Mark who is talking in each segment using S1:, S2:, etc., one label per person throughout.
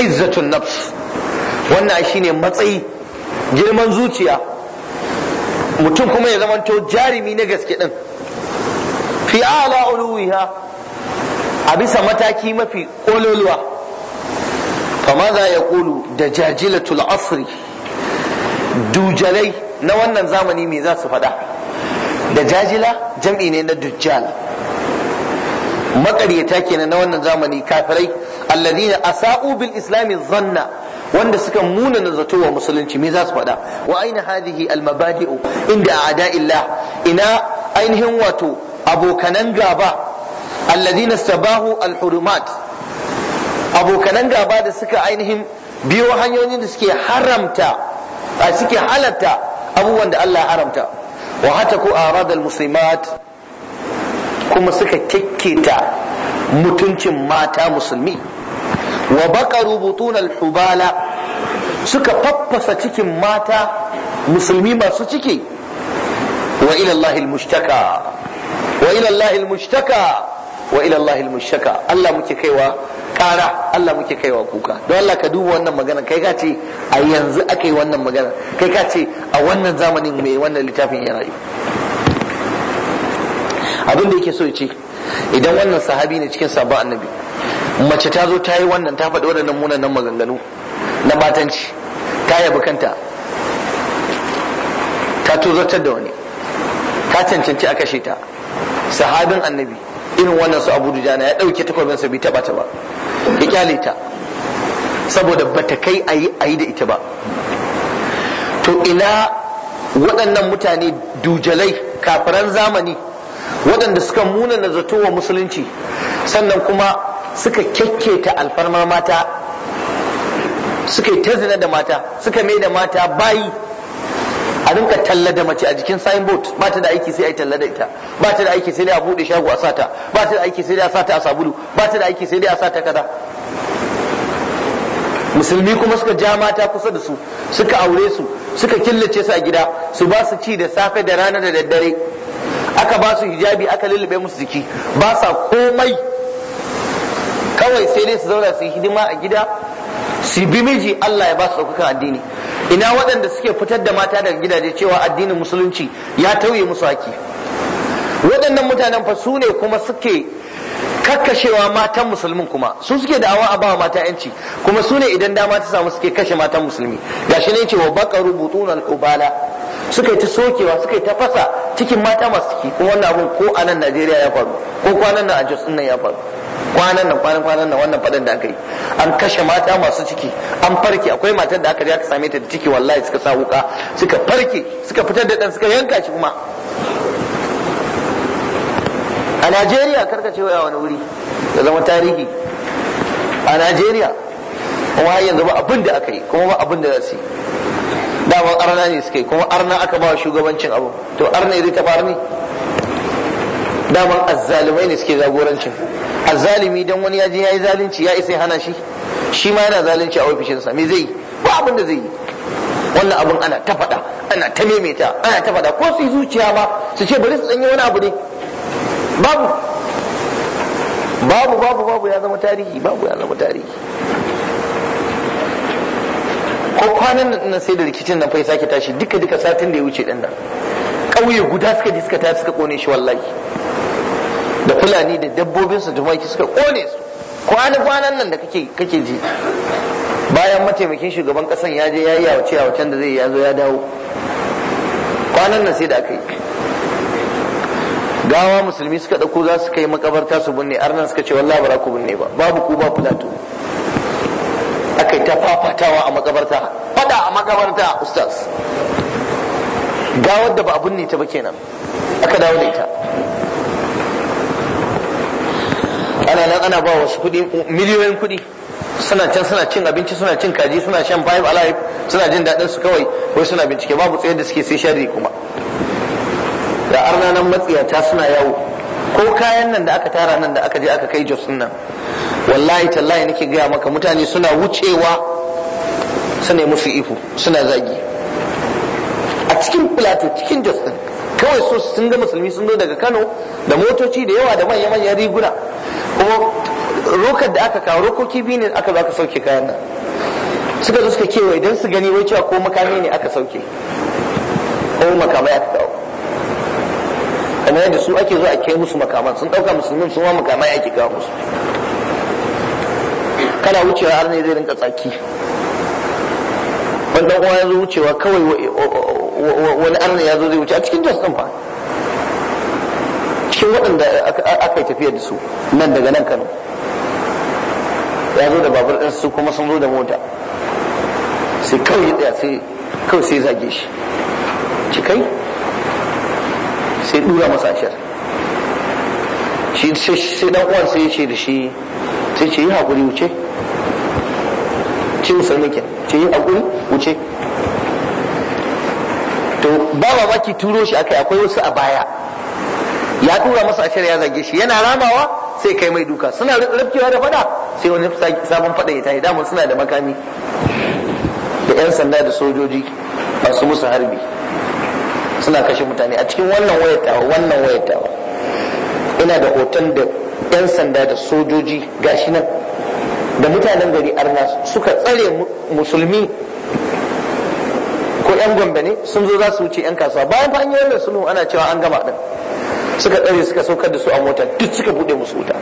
S1: izzatun nafs wannan shine matsayi girman zuciya mutum kuma ya zamanto jarimi na gaske din fi ala uluwiha a bisa mataki mafi kololuwa fama za ya kulu da jajilatul asri dujalai na wannan zamani me za su faɗa da jajila jam'i ne na dujjal maƙaryata kenan na wannan zamani kafirai alladina asa'u bil islami zanna wanda suka munana zato wa musulunci me za su faɗa wa aina hadhihi al mabadi'u inda a'da'illah ina ainihin wato abokanan gaba alladina sabahu al hurumat abokanan gaba da suka ainihin biyo hanyoyin da suke haramta suke halatta abubuwan da Allah haramta wa hataku arada al muslimat kuma suka kekketa mutuncin mata musulmi wa baqaru butunal hubala suka faffasa cikin mata musulmi masu ciki wa ilallah Allahil mushtaka wa ila Allahil mushtaka wa ila mushtaka Allah muke kaiwa kara Allah muke kaiwa kuka don Allah ka duba wannan magana kai ka ce a yanzu aka yi wannan magana kai ka ce a wannan zamanin mai wannan littafin ya rayu abin da yake so ya ce idan wannan sahabi ne cikin sabon annabi mace ta zo ta yi wannan ta faɗi waɗannan munanan maganganu na batanci ta yabi kanta ta tozartar da wani ta cancanci a kashe ta sahabin annabi irin wannan su abu dujana ya ɗauke takwabin sa bai taɓa ta ba ya kyale ta saboda ba ta kai a yi da ita ba to ina waɗannan mutane dujalai kafiran zamani waɗanda suka munana zato wa musulunci sannan kuma suka kyakketa alfarmar mata suka yi ta zina da mata suka mai da mata bayi a rinka talla da mace a jikin signboard ba ta da aiki sai a yi talla da ita ba ta da aiki sai dai a bude shago a sata ba ta da aiki sai dai a sata a sabulu ba ta da aiki sai dai a sata kaza musulmi kuma suka ja mata kusa da su suka aure su suka killace su a gida su ba su ci da safe da rana da daddare aka ba su hijabi aka lullube musu jiki ba sa komai kawai sai dai su zauna su yi hidima a gida su bi miji Allah ya ba su ɗaukakan addini ina waɗanda suke fitar da mata daga gidaje cewa addinin musulunci ya tauye musu haki waɗannan mutanen fa su ne kuma suke kakkashewa matan musulmin kuma su suke da'awa a ba mata yanci kuma su ne idan dama ta samu suke kashe matan musulmi shi ne ce wa baqaru butunan ubala suka yi ta sokewa suka yi ta fasa cikin mata masu ciki kuma wannan abun ko a nan Najeriya ya faru ko kwanan nan a Jos nan ya faru kwanan nan kwanan kwanan nan wannan fadan da aka yi an kashe mata masu ciki an farke akwai matan da aka je aka same ta da ciki wallahi suka sa wuka suka farke suka fitar da dan suka yanka shi kuma a najeriya karka ce waya wani wuri da zama tarihi a najeriya kuma har yanzu ba abin da aka yi kuma ba abin da za su yi dama arna ne suka yi kuma arna aka ba shugabancin abu to arna zai tafi ne dama azzalumai ne suke zagorancin azzalumi dan wani yaji yayi zalunci ya isa hana shi shi ma yana zalunci a ofishinsa me zai yi ba abin da zai yi wannan abin ana ta faɗa ana ta maimaita ana ta faɗa ko su yi zuciya ba su ce bari su danyi wani abu ne babu babu babu babu ya zama tarihi babu ya zama tarihi ko kwanan nan sai da rikicin nan fa ya sake tashi duka duka satin da ya wuce din nan ƙauye guda suka ji suka tafi suka kone shi wallahi da fulani da dabbobin su tumaki suka kone su kwanan kwanan nan da kake kake ji bayan mataimakin shugaban kasan ya je ya yi a wace a da zai ya zo ya dawo kwanan nan sai da aka yi gawa musulmi suka ɗauko za su kai makabarta su binne arnan suka ce wallahi ba za ku binne ba babu ku ba filato aka yi ta fafatawa a makabarta fada a makabarta ustaz gawar da ba a binne ta ba kenan aka dawo da ita ana nan ana ba wasu kuɗi miliyoyin kuɗi suna can suna cin abinci suna cin kaji suna shan five alive suna jin daɗin su kawai wai suna bincike babu tsayar da suke sai shari kuma da arna nan matsiyata suna yawo ko kayan nan da aka tara nan da aka je aka kai jos nan wallahi tallahi nake gaya maka mutane suna wucewa ne musu ihu suna zagi a cikin plateau cikin jos din kawai so sun ga musulmi sun zo daga kano da motoci da yawa da manya manyan riguna kuma rokar da aka kawo rokoki biyu ne aka zo aka sauke kayan nan suka zo suka kewaye don su gani wai cewa ko makami ne aka sauke ko makamai aka kawo kamar yadda su ake zuwa a kai musu makaman sun ɗauka musulmin su ma makamai ake kawo musu kana wucewa har ne zai rinka tsaki wani dan uwa ya zo wucewa kawai wani arna ya zo zai wuce a cikin jos din fa cikin waɗanda aka yi tafiya da su nan daga nan kano ya zo da babur ɗin su kuma sun zo da mota sai kawai ya tsaya sai kawai sai zage shi cikai sai dura masa ashir shi sai dan uwan sai ya ce da shi sai ce yi hakuri wuce cin sai nake ce yi hakuri wuce to ba mamaki turo shi akai akwai wasu a baya ya tura masa ashir ya zage shi yana ramawa sai kai mai duka suna rafkewa da fada sai wani sabon fada ya tashi damar suna da makami da yan sanda da sojoji masu musu harbi suna kashe mutane a cikin wannan wayar tawa wannan wayar tawa ina da hoton da yan sanda da sojoji gashi nan da mutanen gari arna suka tsare musulmi ko yan gombe ne sun zo za su wuce yan kasuwa bayan fa an yi wannan sulhu ana cewa an gama din suka tsare suka saukar da su a mota duk suka bude musu wuta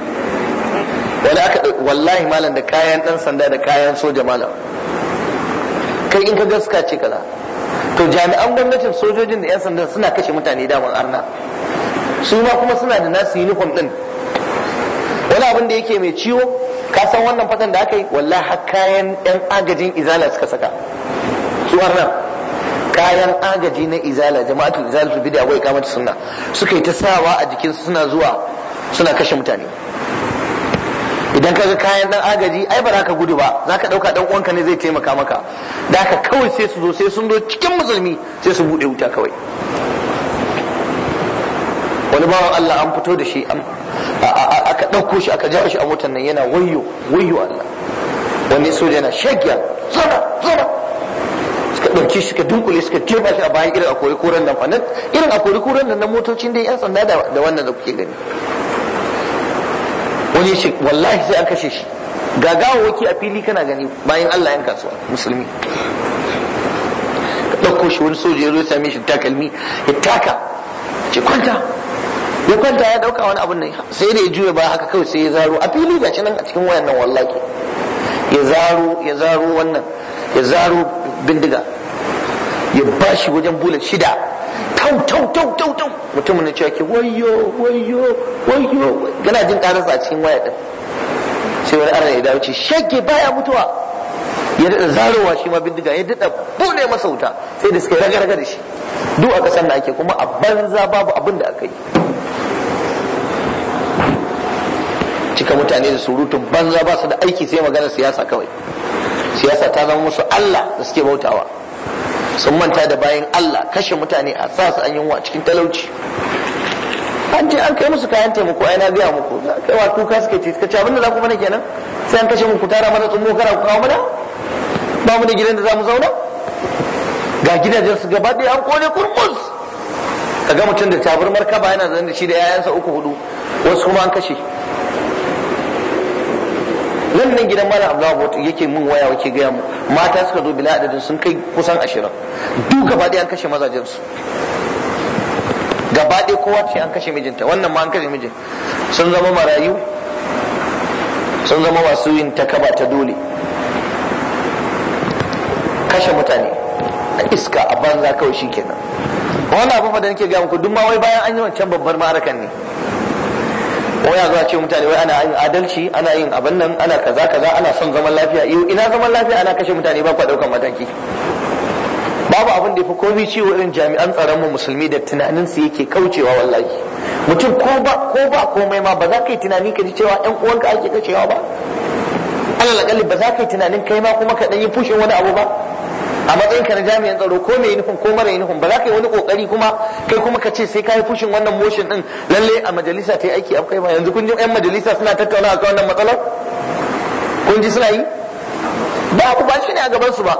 S1: wani aka wallahi malam da kayan dan sanda da kayan soja malam kai in ka gaska ce kaza to jami'an gwamnatin sojojin da 'yan sanda suna kashe mutane damar arna su ma kuma suna da nasu uniform din wani abin da yake mai ciwo ka san wannan fatan da aka yi walla har kayan 'yan agajin izala suka saka su arna kayan agaji na izala jama'atu izalatul bid'a wai kamata sunna suka yi ta sawa a jikin suna zuwa suna kashe mutane idan ka ga kayan dan agaji ai ba za ka gudu ba za ka ɗauka ɗan uwanka ne zai taimaka maka da ka kawai sai su zo sai sun zo cikin musulmi sai su buɗe wuta kawai wani bawan Allah an fito da shi aka ɗauko shi aka jawo shi a motar nan yana wayo wayo Allah wani soja yana shagiya zama zama. suka ɗauki shi suka dunkule suka jefa shi a bayan irin a kori koren nan irin a kori koren nan na motocin da yan sanda da wannan da kuke gani wani ya ce wallahi sai an kashe shi ga gawawaki a fili kana gani bayan Allah yan kasuwa musulmi ka ɗauko shi wani soja ya zo same shi takalmi ya taka ce kwanta ya kwanta ya ɗauka wani abin nan sai da ya juya ba haka kawai sai ya zaro a fili ga nan a cikin wayan nan wallahi ya zaro ya zaro wannan ya zaro bindiga ya bashi wajen bula shida tau tau tau tau tau mutumin na cewa ke wayo wayo wayo gana jin karansa a cikin waya din sai wani arna ya dawo ce shagge baya mutuwa ya daɗa zarowa shi ma bindiga ya daɗa buɗe masa wuta sai da suka raga raga da shi duk a ƙasar da ake kuma a banza babu abin da aka yi cika mutane da surutun banza ba su da aiki sai maganar siyasa kawai siyasa ta zama musu Allah da suke bautawa sun manta da bayan Allah kashe mutane a sa su an yunwa cikin talauci an je an kai musu kayan taimako ai na gaya muku kai wa kuka suke ce suka abinda za ku mana kenan sai an kashe muku tara mana tsummo kara ku kawo mana ba mu da gidan da za mu zauna ga gidajen su gaba ɗaya an kone kurmus kaga mutum da taburmar kaba yana zan da shi da 'ya'yansa uku hudu wasu kuma an kashe nan nan gidan malam abdullahi yake mun waya wake gaya mu mata suka zo bila adadin sun kai kusan ashirin duk gaba ɗaya an kashe mazajen su gaba ɗaya kowa ce an kashe mijinta wannan ma an kashe mijin sun zama marayu sun zama masu yin takaba ta dole kashe mutane a iska a banza kawai shi kenan wannan abubuwa da nake gaya muku duk ma wai bayan an yi wancan babbar ma'arakan ne wai a ce mutane wai ana yin adalci ana yin abin nan ana kaza kaza ana son zaman lafiya ina zaman lafiya ana kashe mutane ba kwa daukan mataki babu abin da yafi komai ciwo irin jami'an tsaron mu musulmi da tunanin su yake kaucewa wallahi mutum ko ba ko ba komai ma ba za ka yi tunani ka ji cewa yan uwanka ake kashewa ba alal ba za ka yi tunanin kai ma kuma ka dan yi fushin wani abu ba a matsayin ka na jami'an tsaro ko mai nufin ko mara nufin ba za ka yi wani kokari kuma kai kuma ka ce sai ka yi fushin wannan motion din lalle a majalisa ta yi aiki akwai ba yanzu kun ji yan majalisa suna tattauna akan wannan matsalar kun ji suna yi ba ku ba shi ne a gaban su ba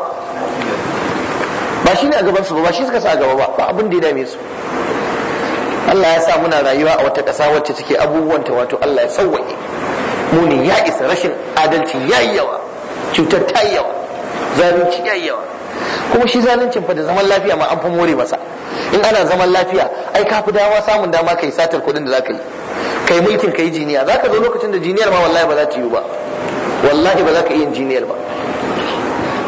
S1: ba shi ne a gaban su ba ba shi suka sa a gaba ba ba abin da ya dame su Allah ya sa muna rayuwa a wata ƙasa wacce take abubuwanta wato Allah ya sauwaye muni ya isa rashin adalci yayi yawa cutar ta yawa zalunci yayi yawa kuma shi zaluncin fa da zaman lafiya ma an fa more masa in ana zaman lafiya ai ka fi dama samun dama kai satar kuɗin da zaka yi kai mulkin kai jiniya zaka zo lokacin da jiniyar ma wallahi ba za ta yi ba wallahi ba za ka iya jiniyar ba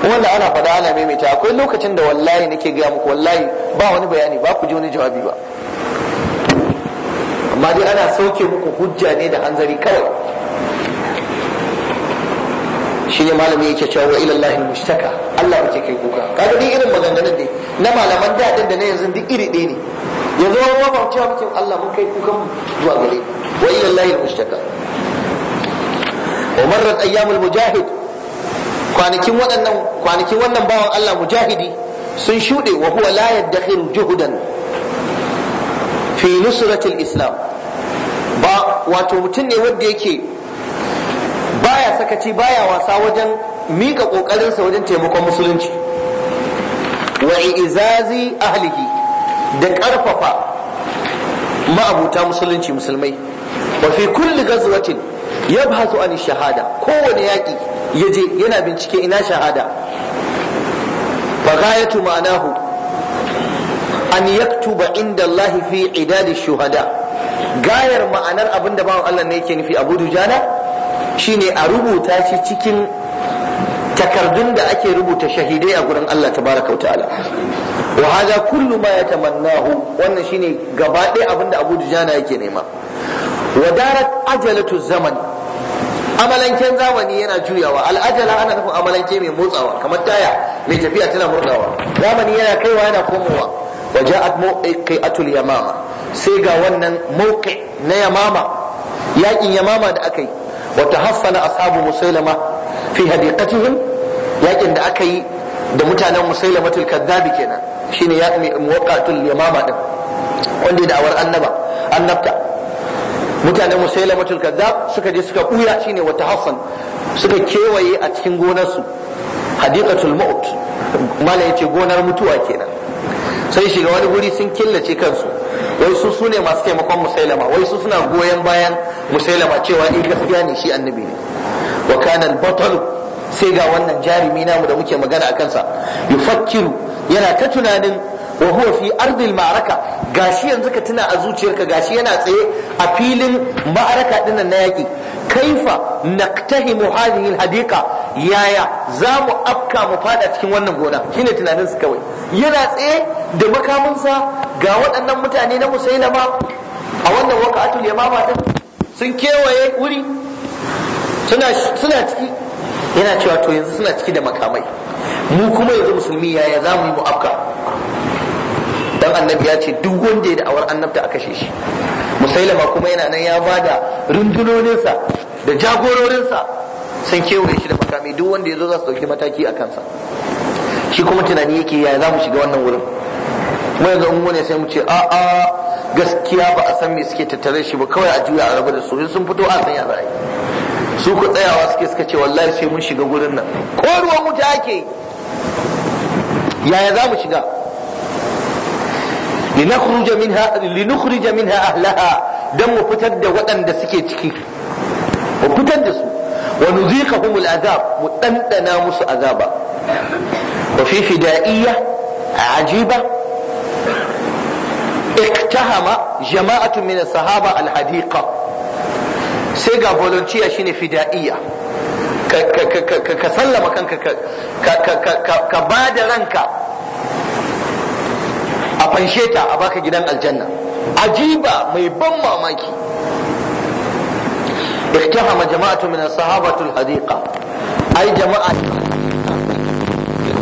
S1: wanda ana faɗa ana maimaita akwai lokacin da wallahi nake gaya muku wallahi ba wani bayani ba ku ji wani jawabi ba amma dai ana sauke muku hujja ne da hanzari kawai shi ne malami yake cewa wa ilallahi mushtaka Allah ke kai kuka kaga duk irin maganganun ne na malaman da din da na yanzu duk iri ɗaya ne yanzu wani ma ba cewa muke Allah mun kai kukan zuwa gare wa ilallahi mushtaka Umar marrat ayyamul mujahid kwanakin waɗannan kwanakin wannan bawan Allah mujahidi sun shuɗe wa huwa la yaddakhiru juhudan fi nusratil islam ba wato mutum ne wanda yake sakaci baya wasa wajen mika ƙoƙarinsa wajen taimakon musulunci wa izazi ahlihi da ƙarfafa ma'abuta musulunci musulmai wa fi kulli gazwatin yabhasu an shahada kowane yaƙi yaje yana bincike ina shahada fa ghayatu ma'anahu an yaktuba inda Allah fi idadi shuhada gayar ma'anar abinda bawan Allah ne yake nufi Abu Dujana shine a rubuta shi cikin takardun da ake rubuta shahidai a gurin Allah tabaraka wa ta'ala wa hada kullu ma yatamannahu wannan shine gaba ɗaya abinda Abu Dujana yake nema wa darat ajalatu zaman amalanken zamani yana juyawa al'ajala ana nufin amalanke mai motsawa kamar taya mai tafiya tana motsawa. zamani yana kaiwa yana komowa wa ja'at mawqi'atul yamama sai ga wannan mawqi na yamama yakin yamama da aka yi wata hassana ashabu musailama fi hadiqatihim yakin da aka yi da mutanen musailamatul kaddabi kenan shine ya muwaqqatul yamama din wanda da awar annaba annabta mutanen musailamatul kazzab suka je suka buya shine wata hassan suka kewaye a cikin gonarsu hadiqatul maut mala yace gonar mutuwa kenan sai shiga wani guri sun killace kansu wai su su ne masu taimakon musailama wai su suna goyon bayan musailama cewa in eh, gaskiya ne shi annabi ne wa kana al sai ga wannan jarumi namu da muke magana a kansa yufakkiru yana ta tunanin wa huwa fi ardil ma'araka gashi yanzu ka tuna a zuciyarka gashi yana tsaye a filin ma'araka dinnan na yaki kaifa naktahimu hadhihi alhadiqa yaya za mu afka mu fada cikin wannan gona shine tunanin su kawai yana tsaye da makaminsa ga waɗannan mutane na musailama a wannan waka'atul yamama din sun kewaye wuri suna suna ciki yana cewa to yanzu suna ciki da makamai mu kuma yanzu musulmi yaya za mu yi mu afka dan annabi ya ce duk wanda ya da'awar annabta a kashe shi musailama kuma yana nan ya bada rundunoninsa da jagororinsa sun kewaye shi da makami duk wanda ya zo za su dauki mataki a kansa shi kuma tunani yake yaya za mu shiga wannan wurin mu yanzu in wani sai mu ce a a gaskiya ba a san me suke tattare shi ba kawai a juya a rabu da su sun fito a san ya za su ku tsayawa suke suka ce wallahi sai mun shiga gurin nan ko ruwan wuta ake yaya za mu shiga لنخرج منها لنخرج منها أهلها دم فتد ودن دسكي تكي وفتد ونذيقهم العذاب متنتنا مس عذابا وفي فدائية عجيبة اقتهم جماعة من الصحابة الحديقة سيجا فولنتيا شيني فدائية ka sallama kanka ka ba da ranka a fanshe ta a baka gidan aljanna ajiba mai ban mamaki اقتحم جماعة من الصحابة الحديقة أي جماعة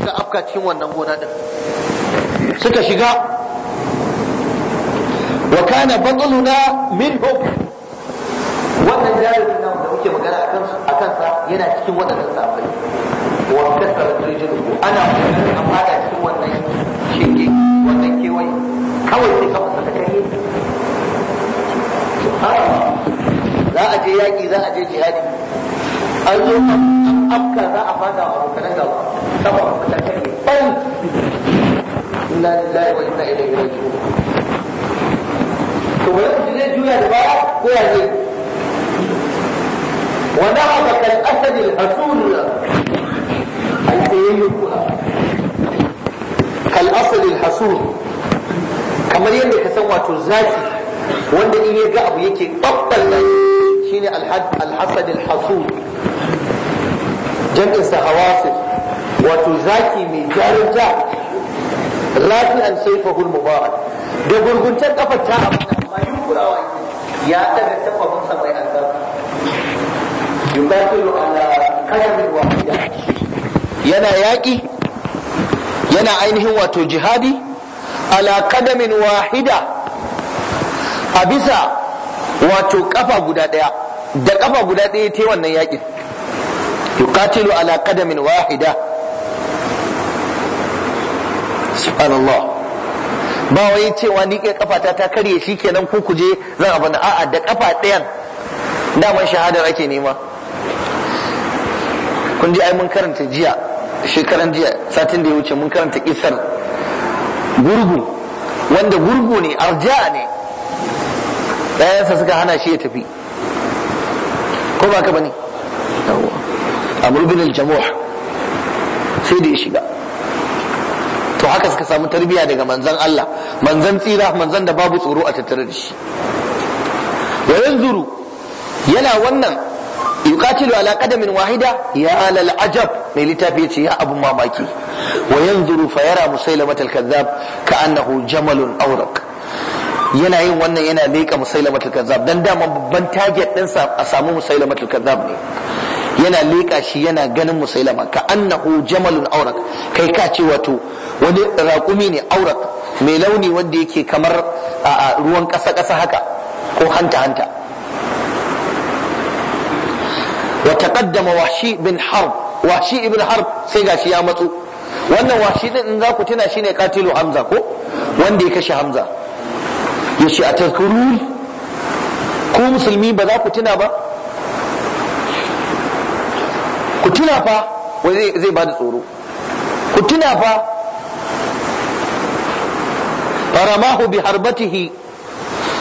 S1: suka afka cikin wannan gona din suka shiga wa kana batluna minhum wannan jarumin nan da muke magana akan akan sa yana cikin wadannan sahabbai wa kasar rijulu ana da cikin wannan shinge wai kawai sai ka fasa za a je yaƙi za a je jihadi an zo an afka za a fada a abokanan gaba sama a ka kai ɓan inna lillahi wa inna ilaihi raji'un to wani zai juya da baya ko ya zai ونهض كالاسد الهسول الحيي كالاسد الحسول kamar yadda ka san wato zaki wanda in ya ga abu yake babballa shine alhasad alhasud jam'in sa hawasif wato zaki mai jarinta rafi'an sayfahul mubarak da gurguntar kafar ta amma yunkurawa ya daga tafafinsa mai albarka yubatilu ala kalamin wahida yana yaƙi yana ainihin wato jihadi ala kadamin wahida a bisa wato kafa guda daya da kafa guda daya ta wannan yakin yuqatilu ala kadamin wahida subhanallah ba wai cewa ni ke kafata ta karye shikenan ku kuje zan abana a'a da kafa ɗayan daman shahada ake nema kun ji ai mun karanta jiya shekaran jiya satin da ya wuce mun karanta isar. gurgu wanda gurgu ne arja ne ɗayansa suka hana shi ya tafi ko ba ka ba ne? bin al sai da ya shiga to haka suka samu tarbiya daga manzan Allah manzan tsira manzan da babu tsoro a tattare da shi wa yanzuru yana wannan yuqatilu ala qadamin wahida ya lal ajab mai littafi yace ya mamaki wa yanzuru fa yara musailamat al kazzab ka annahu jamalun awraq yana yin wannan yana leƙa musailamat al kazzab dan dama babban target din sa a samu musailamat al kazzab ne yana leƙa shi yana ganin musailama ka annahu jamalun aurak kai ka ce wato wani raƙumi ne aurak mai launi wanda yake kamar ruwan ƙasa ƙasa haka ko hanta hanta وتقدم وحشي بن bin harb ابن حرب harb sai gashi ya matsu wannan wahshi din in za ku tuna shine katilu hamza ko wanda ya kashe hamza Ya a atazkurun ku musulmi ba za ku tuna ba ku tuna fa wai zai ba da tsoro ku tuna fa faramahu bi harbatihi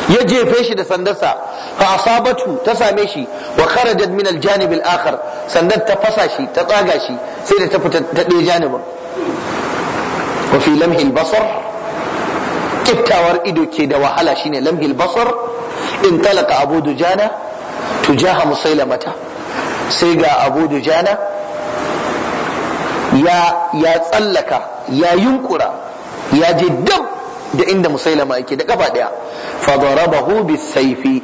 S1: ya jefe shi da sandarsa fa asabatu ta same shi wa kharajat min aljanib al-akhar sandar ta fasa shi ta tsaga shi sai da ta fita ta ɗaya janibin wa fi lamhil basar kiftawar ido ke da wahala shine lamhil basar in talaka abu dujana tujaha musailamata sai ga abu dujana ya ya tsallaka ya yunkura ya je dab da inda musailama yake da gaba daya fa darabahu bisayfi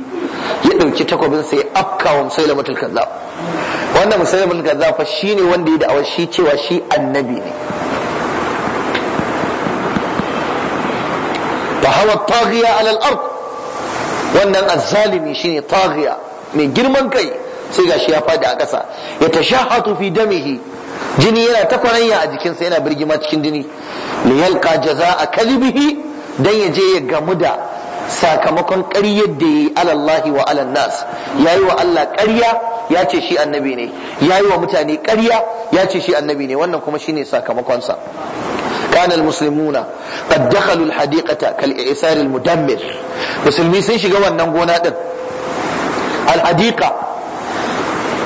S1: ya dauki takobin sai afka wa musailama kazzab wannan musailama kazzab fa shine wanda ya da'awar shi cewa shi annabi ne fa hawa taghiya ala al-ard wannan azzalimi shine taghiya mai girman kai sai gashi ya fadi a ƙasa ya tashahatu fi damihi jini yana ta kwaranya a jikinsa yana birgima cikin jini liyalqa jazaa kadhibihi dan ya je ya gamu da sakamakon ƙaryar da yi alallahi wa alan nas yayi wa Allah ƙarya ya ce shi annabi ne yayi wa mutane ƙarya ya ce shi annabi ne wannan kuma shine sakamakonsa كان المسلمون قد دخلوا الحديقة كالإعسار المدمر مسلمين sun shiga wannan gona din alhadiqa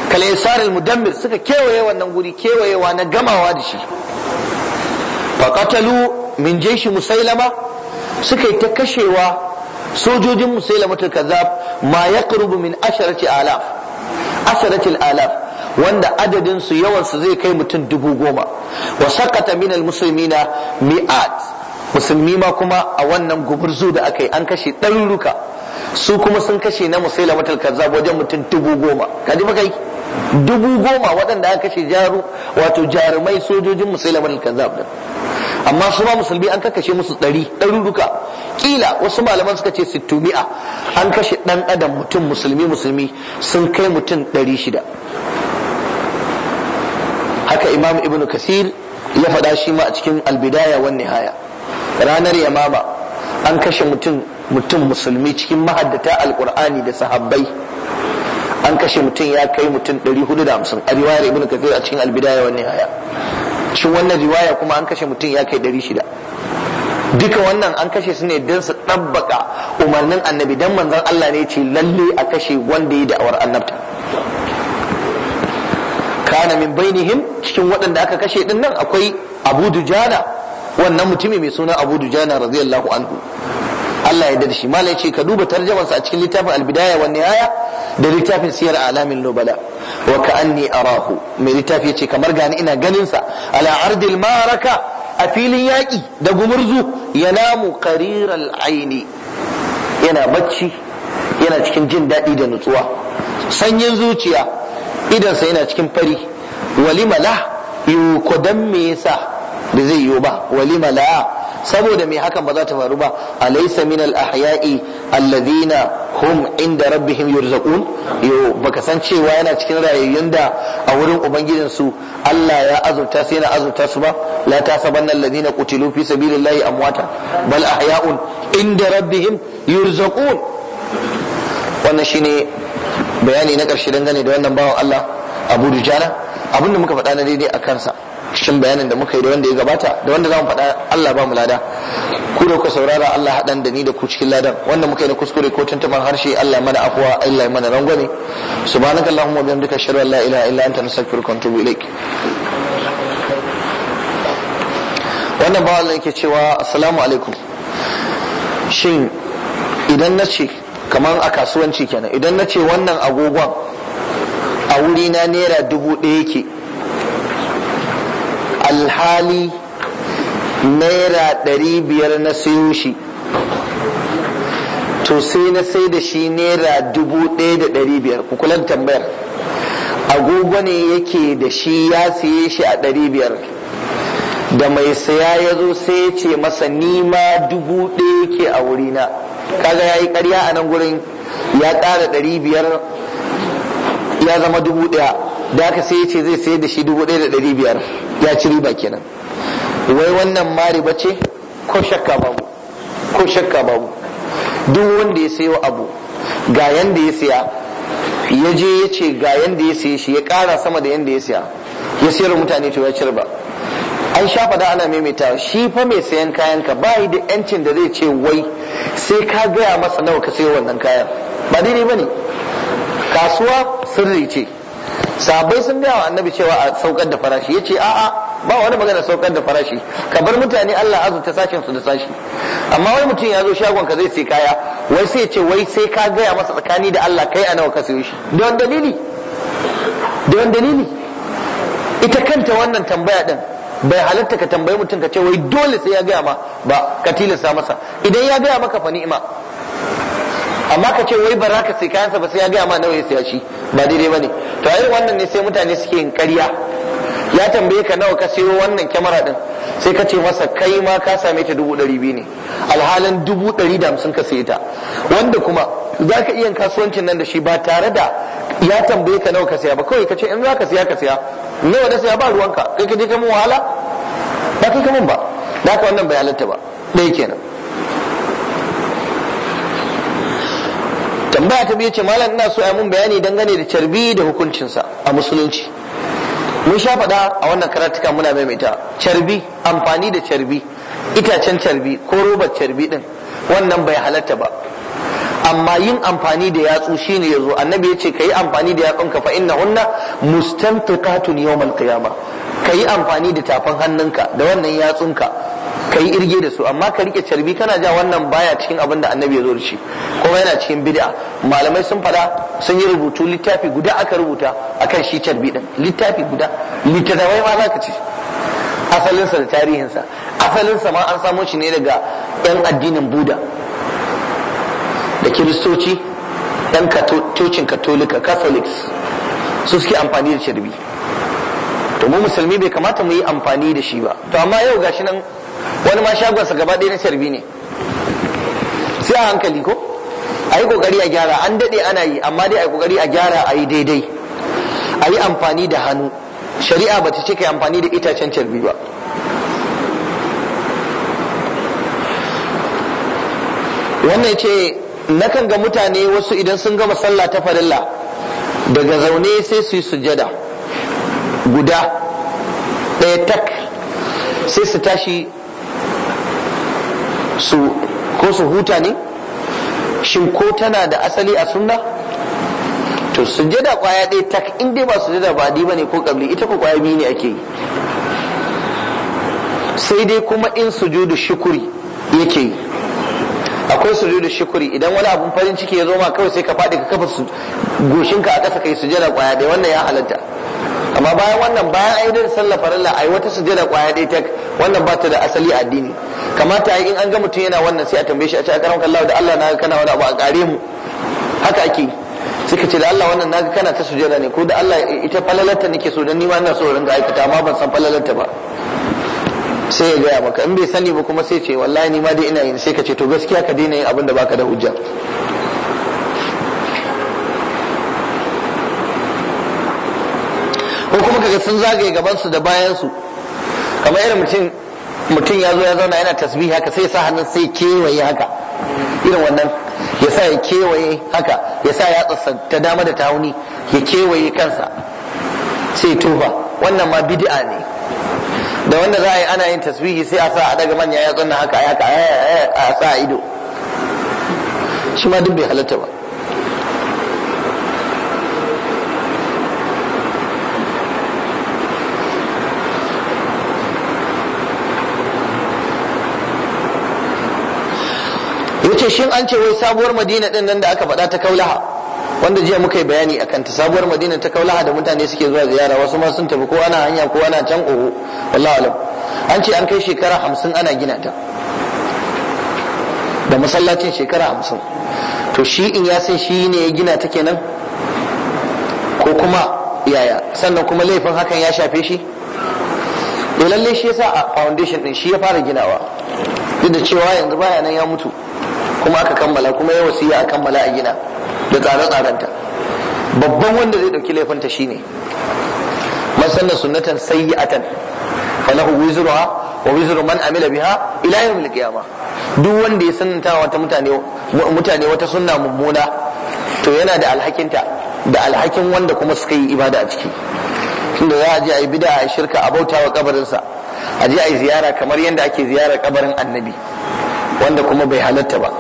S1: كالإعسار المدمر suka kewaye wannan guri kewayewa na gamawa da shi فقتلوا من جيش musailama suka yi ta kashewa sojojin musailamatul kazzab ma yaqrubu min asharati alaf asharati alaf wanda adadin su yawan su zai kai mutum dubu goma wa sakata min na mi'at musulmi ma kuma a wannan gumurzu da aka yi an kashe ɗaruruka su kuma sun kashe na musailamatul kazzab wajen mutum dubu goma kaji fa kai dubu goma waɗanda aka kashe jaru wato jarumai sojojin musulman kazzab din amma su ma musulmi an kakkashe musu ɗari ɗaruruka ƙila wasu malaman suka ce sittumi'a an kashe ɗan adam mutum musulmi musulmi sun kai mutum ɗari shida haka imam Ibn kasir ya faɗa shi ma a cikin albidaya wan nihaya ranar yamama an kashe mutum mutum musulmi cikin mahaddata alkur'ani da sahabbai an kashe mutum ya kai mutum 450 a riwayar Ibn kathir a cikin albidaya wan nihaya Shin wannan riwaya kuma an kashe mutum ya kai ɗari shida duka wannan an kashe su ne don su ɗabbaka umarnin annabi don manzon Allah ne ce lalle a kashe wanda ya da'awar annabta kana min bainihim cikin waɗanda aka kashe din nan akwai Abu Dujana wannan mutumi mai suna Abu Dujana radiyallahu anhu Allah ya da shi malai ce ka duba tarjamansa a cikin littafin albidaya wa nihaya da littafin siyar alamin nubala wa ka'anni arahu mai littafi yace kamar gani ina ganin sa ala ardil maraka a filin yaƙi da gumurzu yanamu qariral aini yana bacci yana cikin jin daɗi da nutsuwa sanyin zuciya idansa yana cikin fari walima la yukodan me yasa da zai yiwu ba walima la saboda me hakan ba za ta faru ba alaysa min al ahya'i alladhina hum inda rabbihim yurzaqun yo baka san cewa yana cikin rayayyun da a wurin ubangijin su Allah ya azurta sai yana azurta su ba la tasabanna alladhina qutilu fi sabilillahi amwata bal ahya'un inda rabbihim yurzaqun wannan shine bayani na karshe dangane da wannan bawan Allah Abu Dujana abinda muka faɗa na daidai a kansa cikin bayanin da muka yi da wanda ya gabata da wanda za mu faɗa Allah ba mu lada ku da ku saurara Allah haɗan da ni da ku cikin ladan wanda muka yi na kuskure ko tuntuban harshe Allah mana afuwa Allah mana rangwame subhanaka allahumma wa bihamdika ashhadu an la ilaha illa anta nastaghfiruka wa atubu ilaik wannan bawan yake cewa assalamu alaikum shin idan na ce kamar a kasuwanci kenan idan na ce wannan agogon a wurina naira dubu ɗaya yake alhali naira ɗari biyar na siyo shi to sai na sai da shi naira dubu ɗaya da ɗari biyar kukulan tambayar agogo ne yake da shi ya siye shi a ɗari biyar da mai saya ya zo sai ya ce masa nima dubu ɗaya yake a wurina kaga ya yi karya a nan gurin ya ƙara ɗari biyar ya zama dubu ɗaya da haka sai ya ce zai sayar da shi dubu ɗaya da ɗari biyar ya ci riba kenan wai wannan mari bace ce ko shakka babu ko shakka babu duk wanda ya sayo abu ga yanda ya siya ya je ya ce ga yanda ya saye shi ya ƙara sama da yanda ya siya. ya sayar mutane to ya ci riba an sha fada ana maimaita shi fa mai sayan kayan ka ba da yancin da zai ce wai sai ka gaya masa nawa ka sayo wannan kayan ba daidai ne. kasuwa sirri ce sahabbai sun gaya wa annabi cewa a saukar da farashi ya ce a'a ba wani magana saukar da farashi ka bar mutane Allah azuta sashen su da sashi amma wai mutum ya zo shagon ka zai sai kaya wai sai ce wai sai ka gaya masa tsakani da Allah kai a nawa ka sayo shi don dalili don dalili ita kanta wannan tambaya din bai halatta ka tambayi mutum ka ce wai dole sai ya gaya ma ba ka tilasta masa idan ya gaya maka fa ni'ima amma ka ce wai ba za ka sai kayansa ba sai ya gaya ma nawa ya siya shi ba daidai ba ne to a wannan ne sai mutane suke yin ƙarya ya tambaye ka nawa ka siyo wannan kyamara din sai ka ce masa kai ma ka same ta dubu ɗari biyu ne alhalin dubu ɗari da hamsin ka saye ta wanda kuma za ka iya kasuwancin nan da shi ba tare da ya tambaye ka nawa ka siya ba kawai ka ce in za ka siya ka siya nawa da siya ba ruwanka kai ka je ka mun wahala ba kai ka mun ba da ka wannan bai halatta ba ɗaya kenan tambaya ta biyu ce malam ina so a mun bayani dangane da carbi da hukuncin sa a musulunci mun sha faɗa a wannan karatuka muna maimaita carbi amfani da carbi itacen carbi ko robar carbi din wannan bai halatta ba amma yin amfani da yatsu shine yazo annabi ya ce ka yi amfani da yatsunka fa inna hunna mustamtiqatun yawmal qiyamah ka amfani da tafan hannunka da wannan yatsunka ka yi irge da su amma ka rike carbi kana ja wannan baya cikin abin da annabi ya zo da shi kuma yana cikin bid'a malamai sun fada sun yi rubutu littafi guda aka rubuta akan shi carbi din littafi guda littafai ma zaka ce asalinsa da tarihinsa asalinsa ma an samo shi ne daga yan addinin buda da kiristoci yan cocin katolika catholics su suke amfani da carbi to mu musulmi bai kamata mu yi amfani da shi ba to amma yau gashi nan wani ma shagonsa gaba ɗaya na carbi ne sai a hankali ko a yi kokari a gyara an daɗe ana yi amma dai a yi kokari a gyara a yi daidai a yi amfani da hannu shari'a ba ta ce kai amfani da itacen carbi ba wannan ce nakan ga mutane wasu idan sun gama sallah ta farilla daga zaune sai su yi sujada guda ɗaya tak sai su tashi su ko su huta ne shin ko tana da asali a sunna to sujjada kwaya ɗaya tak in dai ba sujjada ba di bane ko kabli ita ko kwaya biyu ne ake yi sai dai kuma in sujudu shukuri yake yi akwai sujudu shukuri idan wani abun farin ciki ya zo ma kawai sai ka faɗi ka kafa goshinka a ƙasa kai sujjada kwaya ɗaya wannan ya halatta amma bayan wannan bayan ayi da sallah farilla yi wata sujada kwaya ɗaya tak wannan ba ta da asali addini kamata yi in an ga mutum yana wannan sai a tambaye shi a ce a karamkan Allah da Allah na kana wani abu a kare mu haka ake suka ce da Allah wannan naga kana ta sujada ne ko da Allah ita falalarta nake so dan ni ma ina so ringa aikata amma ban san falalarta ba sai ya gaya maka in bai sani ba kuma sai ce wallahi ni ma dai ina yin sai ka ce to gaskiya ka daina yin abin da baka da hujja ko kuma kaga sun zagaye gaban su da bayan su kamar irin mutum mutum ya zo ya zauna yana tasbihi haka sai sa hannun sai kewaye haka irin wannan ya sa ya kewaye haka ya sa ya ta dama da tauni ya kewaye kansa sai tofa wannan ma bid'a ne da wanda za a yi ana yin tasbihi sai a sa a daga manya ya zauna haka haka a sa ido shi ma duk bai halatta ba yace shin an ce wai sabuwar madina din nan da aka faɗa ta kaulaha wanda jiya muka yi bayani akan ta sabuwar madina ta kaulaha da mutane suke zuwa ziyara wasu ma sun tafi ko ana hanya ko ana can oho wallahi alam an ce an kai shekara hamsin ana gina ta da masallacin shekara hamsin to shi in ya san shi ne ya gina ta kenan ko kuma yaya sannan kuma laifin hakan ya shafe shi to eh, lalle shi yasa a foundation din shi ya fara ginawa duk da cewa yanzu baya nan ya mutu kuma aka kammala kuma ya wasiya a kammala a gina da tsare-tsarenta babban wanda zai ɗauki laifinta shine man sanna sunnatan sayyi'atan falahu wizruha wa wizru man amila biha ila yawmil qiyamah duk wanda ya sanata wata mutane wata sunna mummuna to yana da alhakinta da alhakin wanda kuma suka yi ibada a ciki tunda za a je a yi bida a shirka a bauta wa kabarinsa a je a yi ziyara kamar yadda ake ziyara kabarin annabi wanda kuma bai halatta ba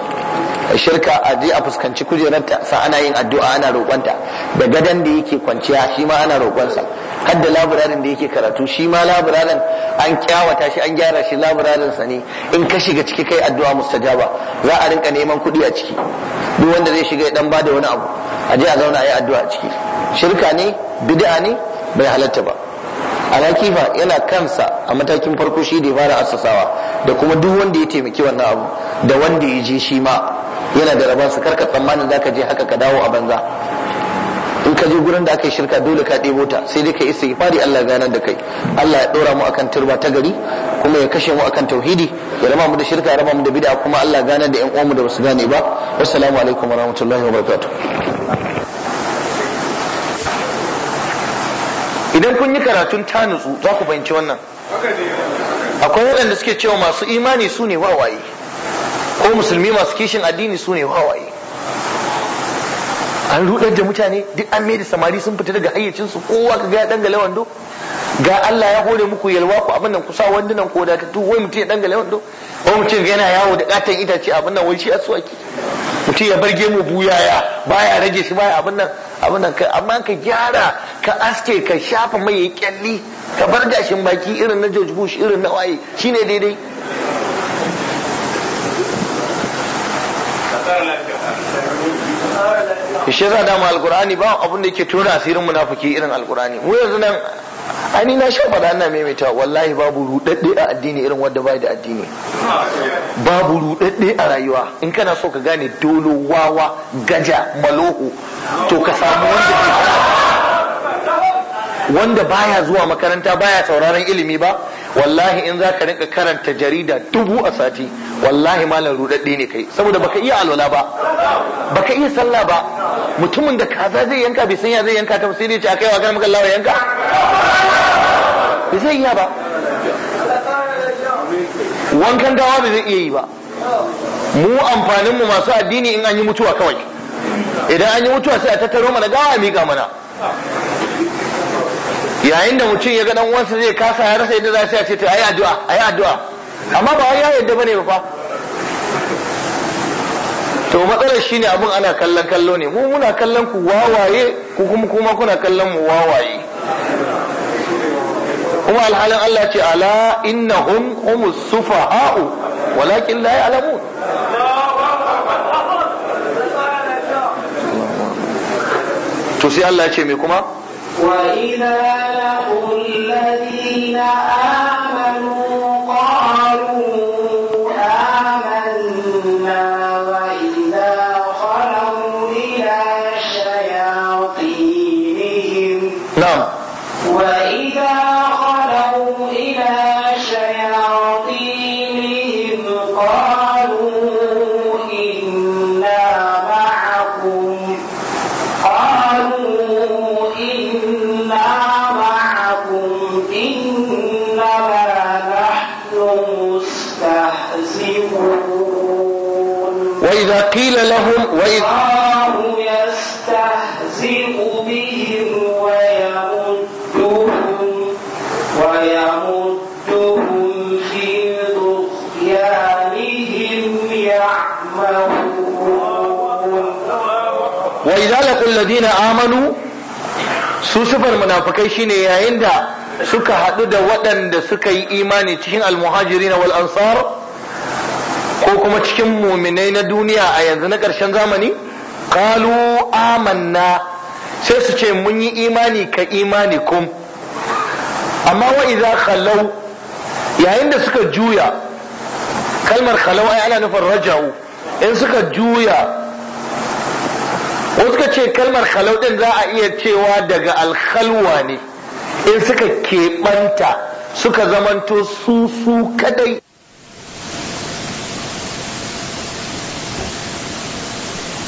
S1: shirka a je a fuskanci kujerarta sa ana yin addu'a ana roƙonta da gadon da yake kwanciya shi ma ana roƙonsa har da labirarin da yake karatu shi ma labirarin an kyawata shi an gyara shi labirarin sa ne in ka shiga ciki kai addu'a mustajaba za a rinka neman kuɗi a ciki duk wanda zai shiga ya dan bada wani abu a je a zauna a yi addu'a a ciki shirka ne bid'a ne bai halatta ba alakifa yana kansa a matakin farko shi da ya fara assasawa da kuma duk wanda ya taimaki wannan abu da wanda ya je shi ma yana da rabansa karka tsammanin zaka je haka ka dawo a banza in ka je gurin da aka yi shirka dole ka ɗebo ta sai dai ka istighfari Allah ganar da kai Allah ya ɗora mu akan turba ta gari kuma ya kashe mu akan tauhidi ya raba mu da shirka ya raba mu da bid'a kuma Allah ganar da ƴan uwan da basu gane ba assalamu alaikum warahmatullahi wabarakatuh idan kun yi karatun ta nutsu za ku fahimci wannan akwai waɗanda suke cewa masu imani su ne wawaye ko musulmi masu kishin addini su ne wawaye an rudar da mutane duk an mai da samari sun fita daga hayyacinsu kowa ka ga ya dangale wando ga Allah ya hore muku yalwa ku abin nan ku sa nan ko da tu wai mutum ya dangale wando wai mutum ga yana yawo da katon itace abin nan wai shi aswaki mutum ya barge mu buyaya baya rage shi baya abin nan abin nan kai amma ka gyara ka aske ka shafa mai kyalli ka bar gashin baki irin na George Bush irin na waye shine daidai shi yasa dama alkur'ani ba abin da yake tura asirin munafiki irin alkur'ani mu yanzu nan ainihin na sha faɗa ana maimaita wallahi babu rudadde a addini irin wanda bai da addini babu rudadde a rayuwa in kana so ka gane dolo wawa gaja maloho to ka samu wanda wanda baya zuwa makaranta baya sauraron ilimi ba wallahi in za ka rinka karanta jarida dubu a sati wallahi malam rudaddi ne kai saboda baka iya alwala ba baka iya sallah ba mutumin da kaza zai yanka bai sanya zai yanka ta sai ne ce akai wa ganin magallawa yanka bai zai iya ba wankan gawa bai zai iya yi ba mu amfanin mu masu addini in an yi mutuwa kawai idan an yi mutuwa sai a tattaro mana gawa a miƙa mana yayin da mutum ya ga dan uwansa zai kasa ya rasa yadda za su yace ce to ayi addu'a ayi addu'a amma ba wai ya yadda bane ba fa to matsalar shine abun ana kallon kallo ne mu muna kallon ku wawaye ku kuma kuma kuna kallon mu wawaye kuma alhalin Allah ce ala innahum humus sufaha'u walakin la ya'lamun to sai Allah ce me kuma وإذا لقوا الذين آمنوا laƙin amanu su sufar munafukai shine yayin da suka haɗu da waɗanda suka yi imani cikin almuhajiri na wal'ansar ko kuma cikin muminai na duniya a yanzu na ƙarshen zamani kalu amanna sai su ce mun yi imani ka imani kum amma wa idza khalau yayin da suka juya kalmar khalau ai ana nufin raja'u in suka juya wasu ce kalmar khalau din za a iya cewa daga alkhalwa ne in suka keɓanta suka zamanto su su kadai